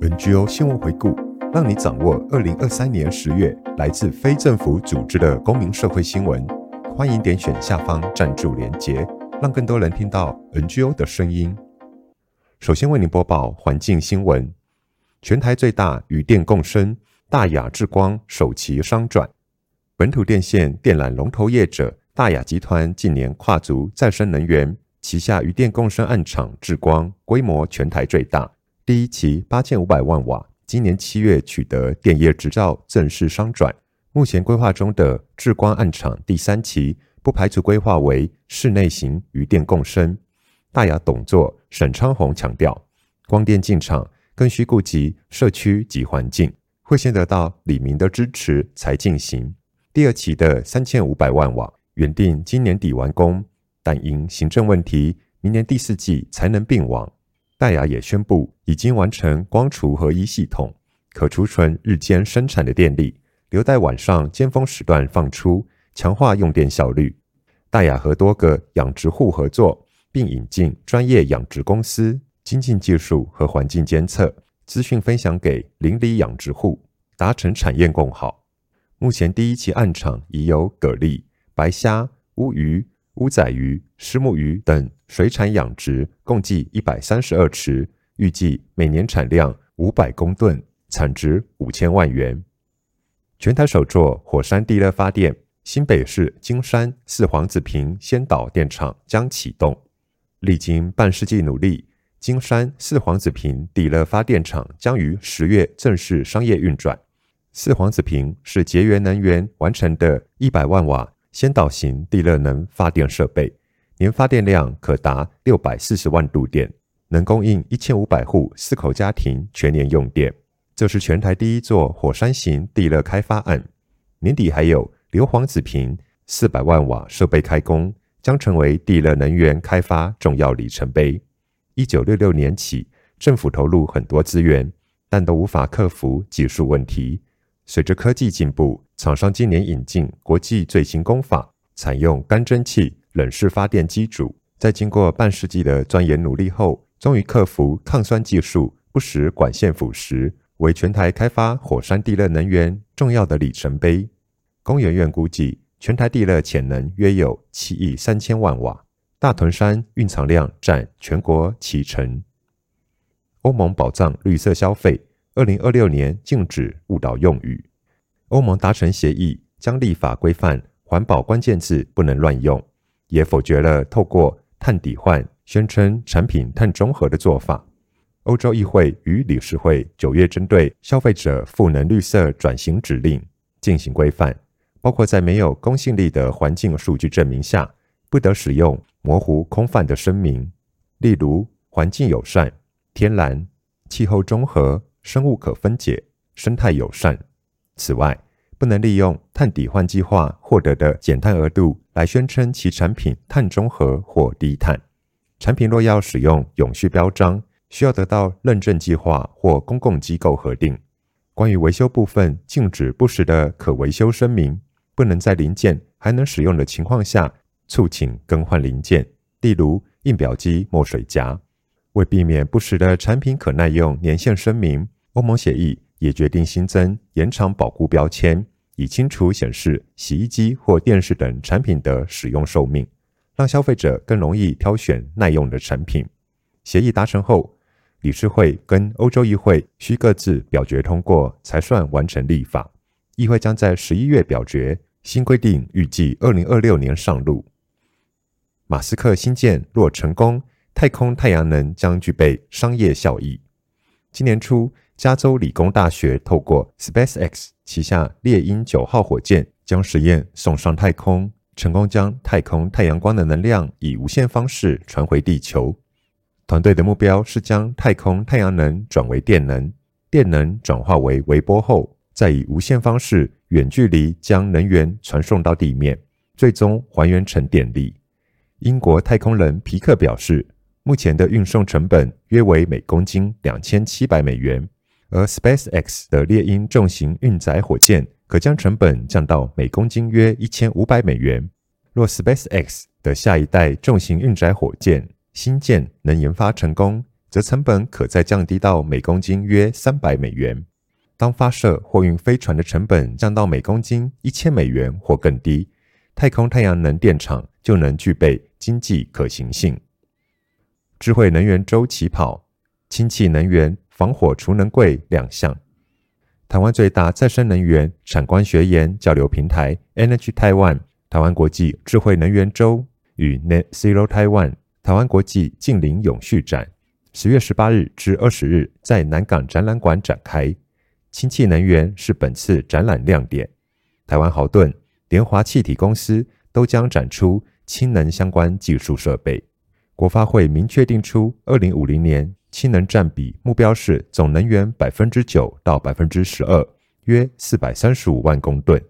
NGO 新聞回顧，讓你掌握二零二三年十月來自非政府組織的公民社會新聞。歡迎點選下方贊助連結，讓更多人聽到 NGO 的聲音。首先為您播報環境新聞，全台最大漁電共生，大亞志光首期商轉，本土電線電纜龍頭業者大亞集團近年跨足再生能源，旗下漁電共生案場志光規模全台最大。第一期八千五百萬瓦，今年七月取得電業執照，正式商轉。目前規劃中的志光案場第三期，不排除規劃為室內型漁電共生。大亞董座沈昌宏強調，光電進場更需顧及社區及環境，會先得到里民的支持才進行。第二期的三千五百萬瓦，原定今年底完工，但因行政問題，明年第四季才能併網。大亞也宣布，已經完成光儲合一系統，可儲存日間生產的電力，留待晚上尖峰時段放出，強化用電效率。大亞和多個養殖戶合作，並引進專業養殖公司，精進技術和環境監測資訊，分享給鄰里養殖戶，達成產業共好。目前第一期案場已有蛤蜊、白蝦、烏魚。烏仔魚、虱目魚等水產養殖共計一百三十二池，預計每年產量五百公噸，產值五千萬元。全台首座火山地熱發電，新北市金山四磺子坪先導電廠將啟動。歷經半世紀努力，金山四磺子坪地熱發電廠將於十月正式商業運轉。四磺子坪是結元能源完成的一百萬瓦，先導型地熱能發電設備，年發電量可達六百四十萬度電，能供應一千五百戶四口家庭全年用電。這是全台第一座火山型地熱開發案。年底還有四磺子坪四百萬瓦設備開工，將成為地熱能源開發重要里程碑。一九六六年起，政府投入很多資源，但都無法克服技術問題。隨着科技進步，廠商今年引進國際最新工法，採用乾蒸汽冷式發電機組，在經過半世紀的鑽研努力後，終於克服抗酸技術，不使管線腐蝕，為全台開發火山地熱能源重要的里程碑。工研院估計，全台地熱潛能約有七億三千萬瓦，大屯山蘊藏量佔全國七成。歐盟保障綠色消費。二零二六年禁止誤導用語。歐盟達成協議，將立法規範環保關鍵字不能亂用，也否決了透過碳抵換宣稱產品碳中和的做法。歐洲議會與理事會九月針對消費者賦能綠色轉型指令進行規範，包括在沒有公信力的環境數據證明下，不得使用模糊空泛的聲明，例如“環境友善”、“天然”、“氣候中和”。生物可分解、生態友善。此外，不能利用碳抵換計劃獲得的減碳額度來宣稱其產品碳中和或低碳。產品若要使用永續標章，需要得到認證計劃或公共機構核定。關於維修部分，禁止不實的可維修聲明，不能在零件還能使用的情況下促請更換零件，例如印表機墨水匣。為避免不實的產品可耐用年限聲明，歐盟協議也決定新增延長保護標籤，以清楚顯示洗衣機或電視等產品的使用壽命，讓消費者更容易挑選耐用的產品。協議達成後，理事會跟歐洲議會需各自表決通過才算完成立法。議會將在十一月表決新規定，預計二零二六年上路。馬斯克星艦若成功。太空太陽能將具備商業效益。今年初，加州理工大學透過 SpaceX 旗下獵鷹九號火箭將實驗送上太空，成功將太空太陽光的能量以無線方式傳回地球。團隊的目標是將太空太陽能轉為電能，電能轉化為微波後，再以無線方式遠距離將能源傳送到地面，最終還原成電力。英國太空人皮克表示。目前的運送成本約為每公斤兩千七百美元，而 SpaceX 的獵鷹重型運載火箭可將成本降到每公斤約一千五百美元。若 SpaceX 的下一代重型運載火箭星艦能研發成功，則成本可再降低到每公斤約三百美元。當發射貨運飛船的成本降到每公斤一千美元或更低，太空太陽能電廠就能具備經濟可行性。智慧能源週起跑，氫氣能源、防火儲能櫃亮相。台灣最大再生能源產官學研交流平台 Energy Taiwan、台灣國際智慧能源週與 Net Zero Taiwan、台灣國際淨零永續展，十月十八日至二十日在南港展覽館展開。氫氣能源是本次展覽亮點，台灣豪頓、聯華氣體公司都將展出氫能相關技術設備。國發會明確定出，二零五零年氫能占比目標是總能源百分之九到百分之十二，約四百三十五萬公噸。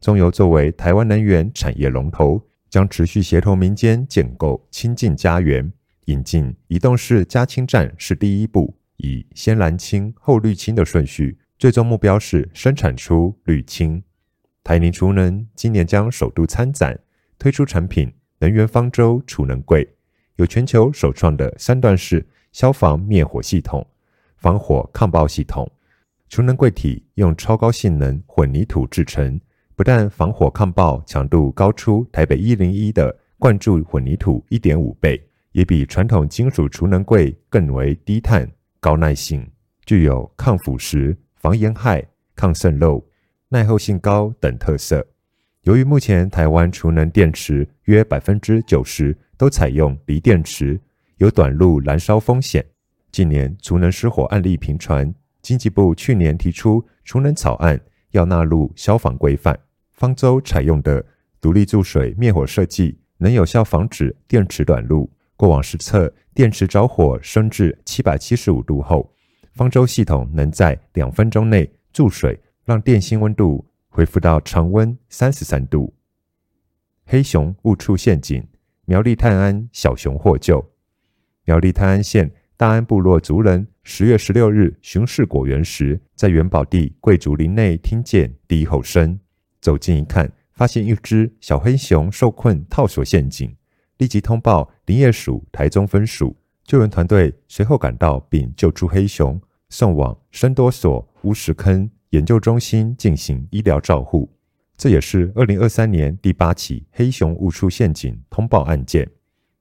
中油作為台灣能源產業龍頭，將持續協同民間建構氫進家園，引進移動式加氫站是第一步，以先藍氫後綠氫的順序，最終目標是生產出綠氫。台泥儲能今年將首度參展，推出產品能源方舟儲能櫃。有全球首創的三段式消防滅火系統、防火抗爆系統，儲能櫃體用超高性能混凝土製成，不但防火抗爆強度高出台北一零一的灌注混凝土一點五倍，也比傳統金屬儲能櫃更為低碳、高耐性，具有抗腐蝕、防鹽害、抗滲漏、耐候性高等特色。由於目前台灣儲能電池約百分之九十，都採用鋰電池，有短路燃燒風險。近年儲能失火案例頻傳，經濟部去年提出儲能草案，要納入消防規範。方舟採用的獨立注水滅火設計，能有效防止電池短路。過往實測，電池着火升至七百七十五度後，方舟系統能在兩分鐘內注水，讓電芯溫度恢復到常溫三十三度。黑熊誤觸陷阱。苗栗泰安小熊獲救。苗栗泰安縣大安部落族人十月十六日巡視果園時，在元寶地桂竹林內聽見低吼聲，走近一看，發現一隻小黑熊受困套索陷阱，立即通報林業署台中分署，救援團隊隨後趕到並救出黑熊，送往生多所烏石坑研究中心進行醫療照護。這也是二零二三年第八起黑熊誤觸陷阱通報案件。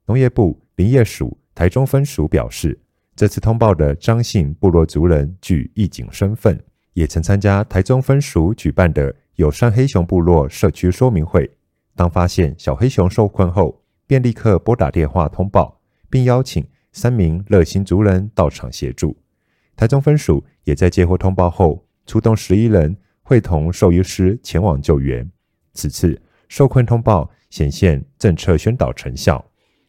農業部林業署台中分署表示，這次通報的張姓部落族人具義警身份，也曾參加台中分署舉辦的友善黑熊部落社區說明會。當發現小黑熊受困後，便立刻撥打電話通報，並邀請三名熱心族人到場協助。台中分署也在接獲通報後，出動十一人。會同獸醫師前往救援。此次受困通報顯現政策宣導成效，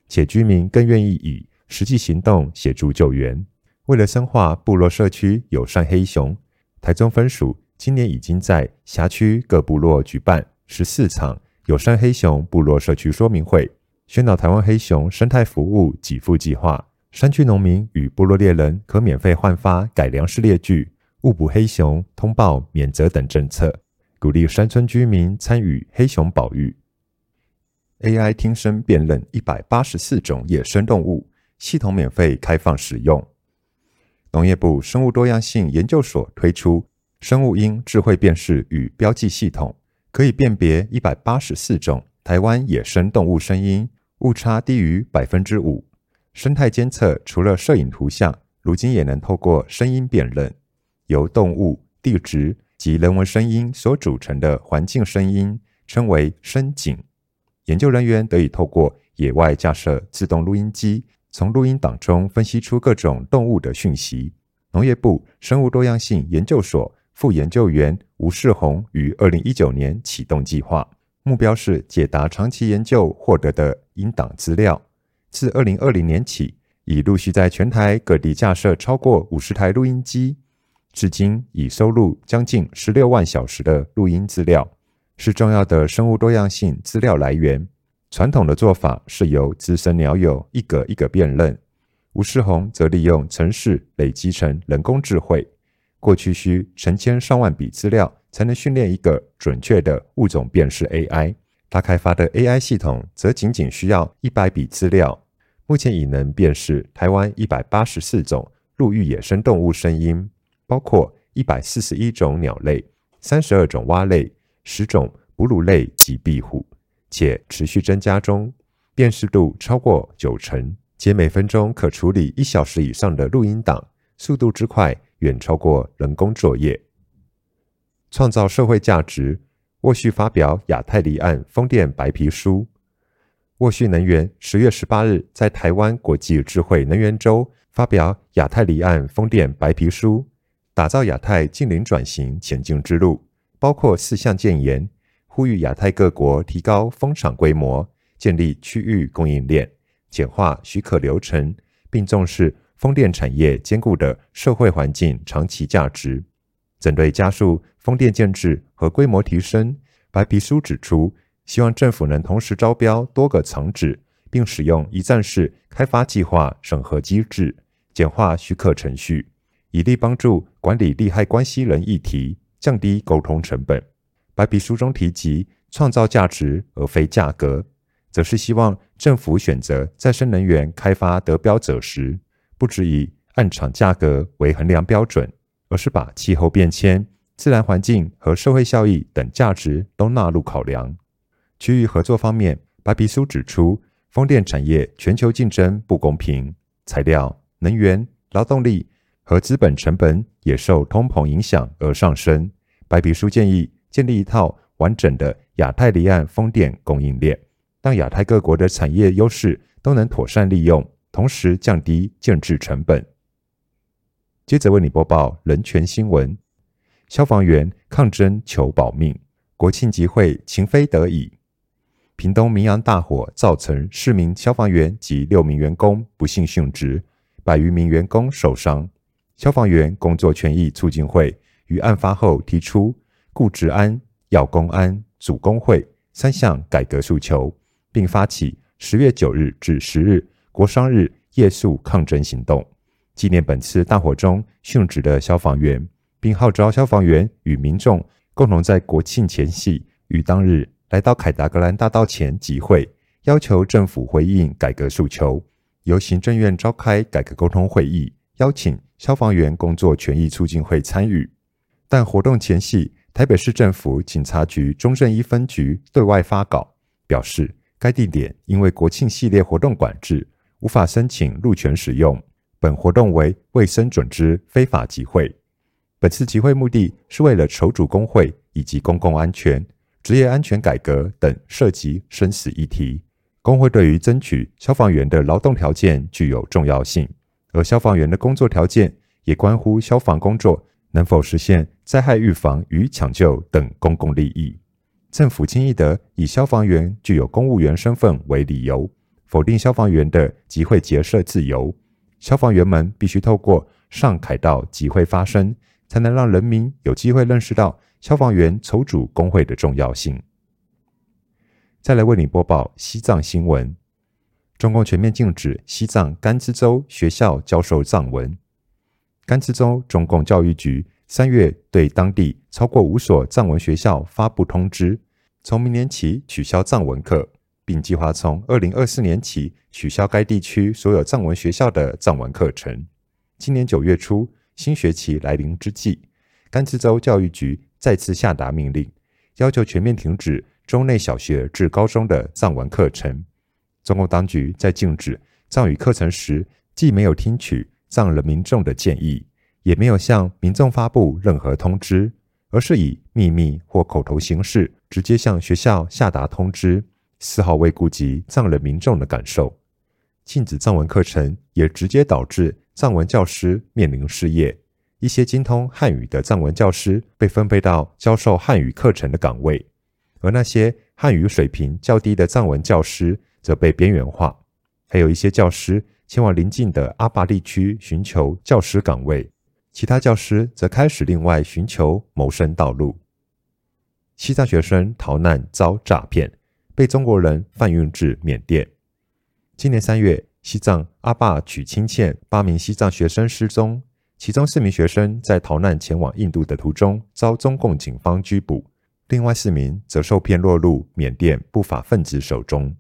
且居民更願意以實際行動協助救援。為了深化部落社區友善黑熊，台中分署今年已經在轄區各部落舉辦十四場友善黑熊部落社區說明會，宣導台灣黑熊生態服務給付計劃，山區農民與部落獵人可免費換發改良式獵具。誤捕黑熊通報、免責等政策，鼓勵山村居民參與黑熊保育。AI 聽聲辨認一百八十四種野生動物，系統免費開放使用。農業部生物多樣性研究所推出生物音智慧辨識與標記系統，可以辨別一百八十四種台灣野生動物聲音，誤差低於百分之五。生態監測除了攝影圖像，如今也能透過聲音辨認。由動物、地質及人文聲音所組成的環境聲音，稱為聲景。研究人員得以透過野外架設自動錄音機，從錄音檔中分析出各種動物的訊息。農業部生物多樣性研究所副研究員吳世宏於二零一九年啟動計劃，目標是解答長期研究獲得的音檔資料。自二零二零年起，已陸續在全台各地架設超過五十台錄音機。至今已收錄將近十六萬小時的錄音資料，是重要的生物多樣性資料來源。傳統的做法是由資深鳥友一格一格辨認，吳世宏則利用程式累積成人工智慧。過去需成千上萬筆資料才能訓練一個準確的物種辨識 AI，他開發的 AI 系統則僅僅需要一百筆資料，目前已能辨識台灣一百八十四種陸域野生動物聲音。包括一百四十一種鳥類、三十二種蛙類、十種哺乳類及壁虎，且持續增加中。辨識度超過九成，且每分鐘可處理一小時以上的錄音檔，速度之快遠超過人工作業，創造社會價值。沃旭發表亞太離岸風電白皮書。沃旭能源十月十八日在台灣國際智慧能源周發表亞太離岸風電白皮書。打造亞太淨零轉型前進之路，包括四項建言，呼籲亞太各國提高風場規模，建立區域供應鏈，簡化許可流程，並重視風電產業兼顧的社會環境長期價值。針對加速風電建置和規模提升，白皮書指出，希望政府能同時招標多個廠址，並使用一站式開發計劃審核機制，簡化許可程序。以利幫助管理利害關係人議題，降低溝通成本。白皮書中提及創造價值而非價格，則是希望政府選擇再生能源開發得標者時，不只以案場價格為衡量標準，而是把氣候變遷、自然環境和社會效益等價值都納入考量。區域合作方面，白皮書指出，風電產業全球競爭不公平，材料、能源、勞動力，和資本成本也受通膨影響而上升。白皮書建議建立一套完整的亞太離岸風電供應鏈，讓亞太各國的產業優勢都能妥善利用，同時降低建置成本。接着為你播報人權新聞：消防員抗爭求保命，國慶集會情非得已。屏東明揚大火造成四名消防員及六名員工不幸殉職，百餘名員工受傷。消防員工作權益促進會於案發後提出顧職安、要公安、組工會三項改革訴求，並發起十月九日至十日國殤日夜宿抗爭行動，紀念本次大火中殉職的消防員，並號召消防員與民眾共同在國慶前夕與當日來到凱達格蘭大道前集會，要求政府回應改革訴求，由行政院召開改革溝通會議，邀請。消防員工作權益促進會參與，但活動前夕，台北市政府警察局中正一分局對外發稿表示，該地點因為國慶系列活動管制，無法申請入園使用。本活動為未申准之非法集會。本次集會目的是為了籌組工會以及公共安全、職業安全改革等涉及生死議題，工會對於爭取消防員的勞動條件具有重要性。而消防員的工作條件也關乎消防工作能否實現災害預防與搶救等公共利益。政府輕易地以消防員具有公務員身份為理由，否定消防員的集會結社自由。消防員們必須透過上凱道集會發聲，才能讓人民有機會認識到消防員籌組工會的重要性。再來為你播報西藏新聞。中共全面禁止西藏甘孜州學校教授藏文。甘孜州中共教育局三月對當地超過五所藏文學校發布通知，從明年起取消藏文課，並計劃從二零二四年起取消該地區所有藏文學校的藏文課程。今年九月初，新學期來臨之際，甘孜州教育局再次下達命令，要求全面停止州內小學至高中的藏文課程。中共當局在禁止藏語課程時，既沒有聽取藏人民眾的建議，也沒有向民眾發布任何通知，而是以秘密或口頭形式直接向學校下達通知，絲毫未顧及藏人民眾的感受。禁止藏文課程也直接導致藏文教師面臨失業，一些精通漢語的藏文教師被分配到教授漢語課程的崗位，而那些漢語水平較低的藏文教師。則被邊緣化，還有一些教師前往鄰近的阿壩地區尋求教師崗位，其他教師則開始另外尋求謀生道路。西藏學生逃難遭詐騙，被中國人販運至緬甸。今年三月，西藏阿壩曲欽縣八名西藏學生失蹤，其中四名學生在逃難前往印度的途中遭中共警方拘捕，另外四名則受騙落入緬甸不法分子手中。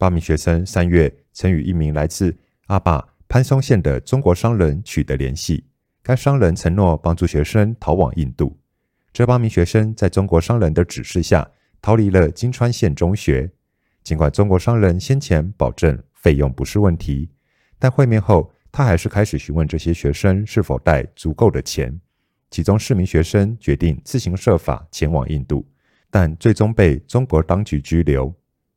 八名學生三月曾與一名來自阿壩潘松縣的中國商人取得聯繫，該商人承諾幫助學生逃往印度。這八名學生在中國商人的指示下逃離了金川縣中學。儘管中國商人先前保證費用不是問題，但會面後他還是開始詢問這些學生是否帶足夠的錢。其中四名學生決定自行設法前往印度，但最終被中國當局拘留。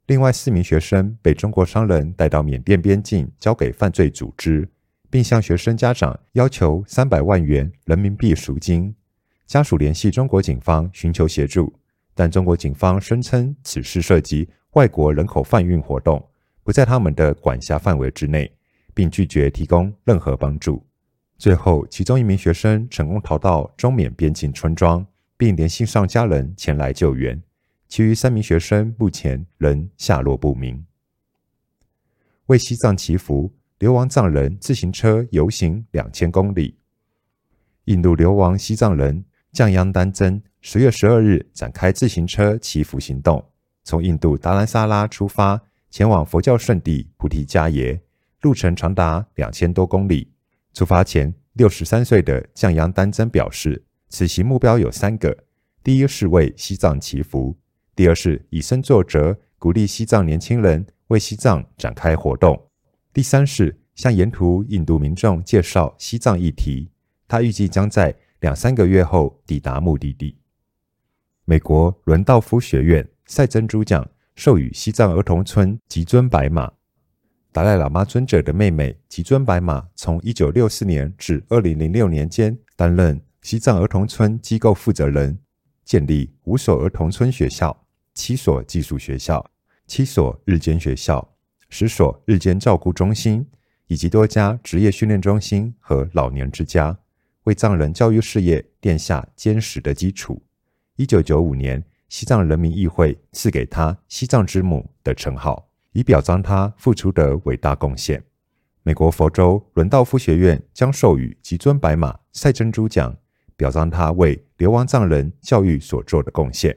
另外四名學生被中國商人帶到緬甸邊境，交給犯罪組織，並向學生家長要求三百萬元人民幣贖金。家屬聯繫中國警方尋求協助，但中國警方聲稱此事涉及外國人口販運活動，不在他們的管轄範圍之內，並拒絕提供任何幫助。最後，其中一名學生成功逃到中緬邊境村莊，並聯繫上家人前來救援。其餘三名學生目前仍下落不明。為西藏祈福，流亡藏人自行車遊行兩千公里。印度流亡西藏人降央丹增十月十二日展開自行車祈福行動，從印度達蘭薩拉出發，前往佛教聖地菩提迦耶，路程長達兩千多公里。出發前，六十三歲的降央丹增表示，此行目標有三個：第一是為西藏祈福。第二是以身作則，鼓勵西藏年輕人為西藏展開活動。第三是向沿途印度民眾介紹西藏議題。他預計將在兩三個月後抵達目的地。美國倫道夫學院賽珍珠獎授予西藏兒童村吉尊白瑪，達賴喇嘛尊者的妹妹吉尊白瑪從一九六四年至二零零六年間擔任西藏兒童村機構負責人。建立五所兒童村學校、七所寄宿學校、七所日間學校、十所日間照顧中心，以及多家職業訓練中心和老年之家，為藏人教育事業奠下堅實的基礎。一九九五年，西藏人民議會賜給他“西藏之母”的稱號，以表彰他付出的偉大貢獻。美國佛州倫道夫學院將授予吉尊白瑪賽珍珠獎。表彰他為流亡藏人教育所做的貢獻。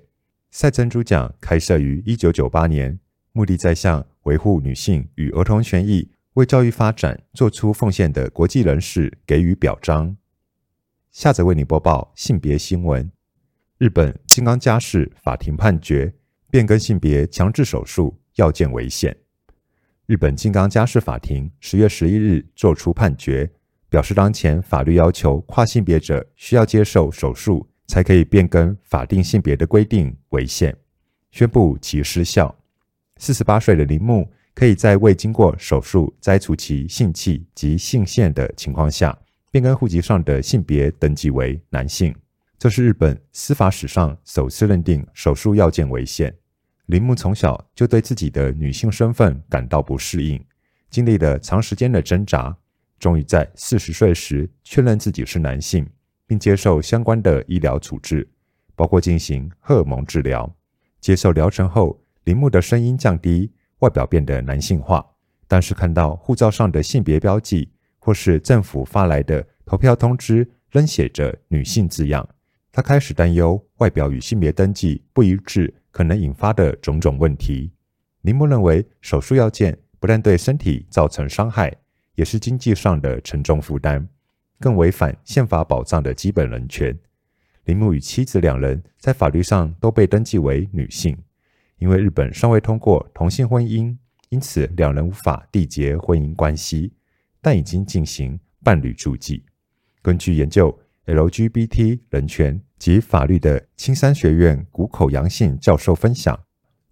賽珍珠獎開設於一九九八年，目的在向維護女性與兒童權益、為教育發展做出奉獻的國際人士給予表彰。下則為你播報性別新聞：日本靜岡家事法庭判決變更性別強制手術要件違憲。日本靜岡家事法庭十月十一日作出判決。表示當前法律要求跨性別者需要接受手術才可以變更法定性別的規定違憲，宣布其失效。四十八歲的鈴木可以在未經過手術摘除其性器及性腺的情況下，變更戶籍上的性別登記為男性。這是日本司法史上首次認定手術要件違憲。鈴木從小就對自己的女性身份感到不適應，經歷了長時間的掙扎。終於在四十歲時確認自己是男性，並接受相關的醫療處置，包括進行荷爾蒙治療。接受療程後，鈴木的聲音降低，外表變得男性化。但是，看到護照上的性別標記或是政府發來的投票通知仍寫着“女性”字樣，他開始擔憂外表與性別登記不一致可能引發的種種問題。鈴木認為，手術要件不但對身體造成傷害。也是經濟上的沉重負擔，更違反憲法保障的基本人權。鈴木與妻子兩人在法律上都被登記為女性，因為日本尚未通過同性婚姻，因此兩人無法締結婚姻關係，但已經進行伴侶註記。根據研究 LGBT 人權及法律的青山學院谷口洋幸教授分享，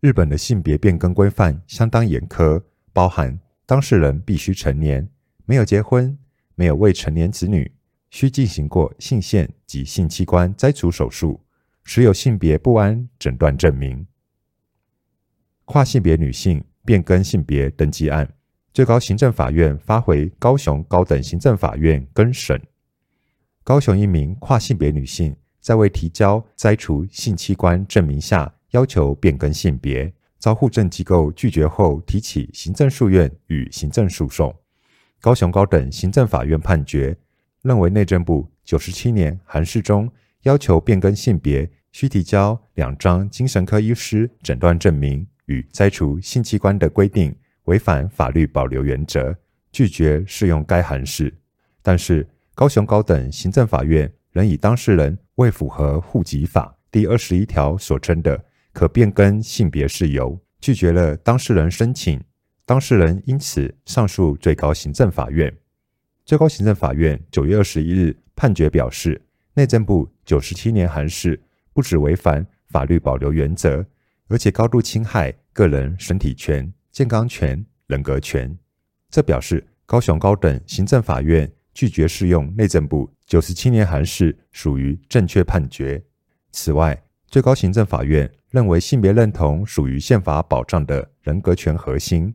日本的性別變更規範相當嚴苛，包含當事人必須成年。沒有結婚，沒有未成年子女，需進行過性腺及性器官摘除手術，持有性別不安診斷證明。跨性別女性變更性別登記案，最高行政法院發回高雄高等行政法院更審。高雄一名跨性別女性在未提交摘除性器官證明下要求變更性別，遭戶政機構拒絕後，提起行政訴願與行政訴訟。高雄高等行政法院判決認為，內政部九十七年函釋中要求變更性別需提交兩張精神科醫師診斷證明與摘除性器官的規定，違反法律保留原則，拒絕適用該函釋。但是，高雄高等行政法院仍以當事人未符合戶籍法第二十一條所稱的可變更性別事由，拒絕了當事人申請。當事人因此上訴最高行政法院。最高行政法院九月二十一日判決表示，內政部九十七年函釋不只違反法律保留原則，而且高度侵害個人身體權、健康權、人格權。這表示高雄高等行政法院拒絕適用內政部九十七年函釋，屬於正確判決。此外，最高行政法院認為性別認同屬於憲法保障的人格權核心。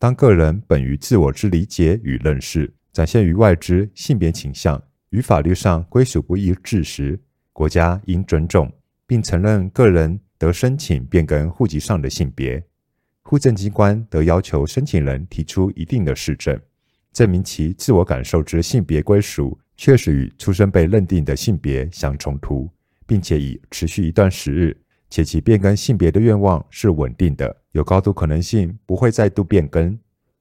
當個人本於自我之理解與認識，展現於外之性別傾向與法律上歸屬不一致時，國家應尊重並承認個人得申請變更戶籍上的性別。戶政機關得要求申請人提出一定的實證，證明其自我感受之性別歸屬確實與出生被認定的性別相衝突，並且已持續一段時日。且其變更性別的願望是穩定的，有高度可能性不會再度變更。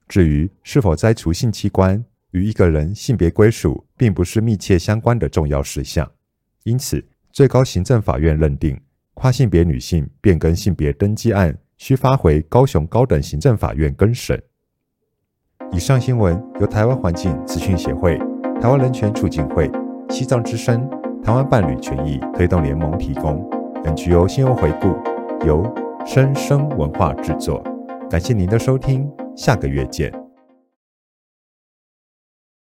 至於是否摘除性器官，與一個人性別歸屬並不是密切相關的重要事項。因此，最高行政法院認定，跨性別女性變更性別登記案需發回高雄高等行政法院更審。以上新聞由台灣環境資訊協會、台灣人權促進會、西藏之聲、台灣伴侶權益推動聯盟提供。本節目 NGO 新聞回顧，由生聲文化製作，感謝您的收聽，下個月見。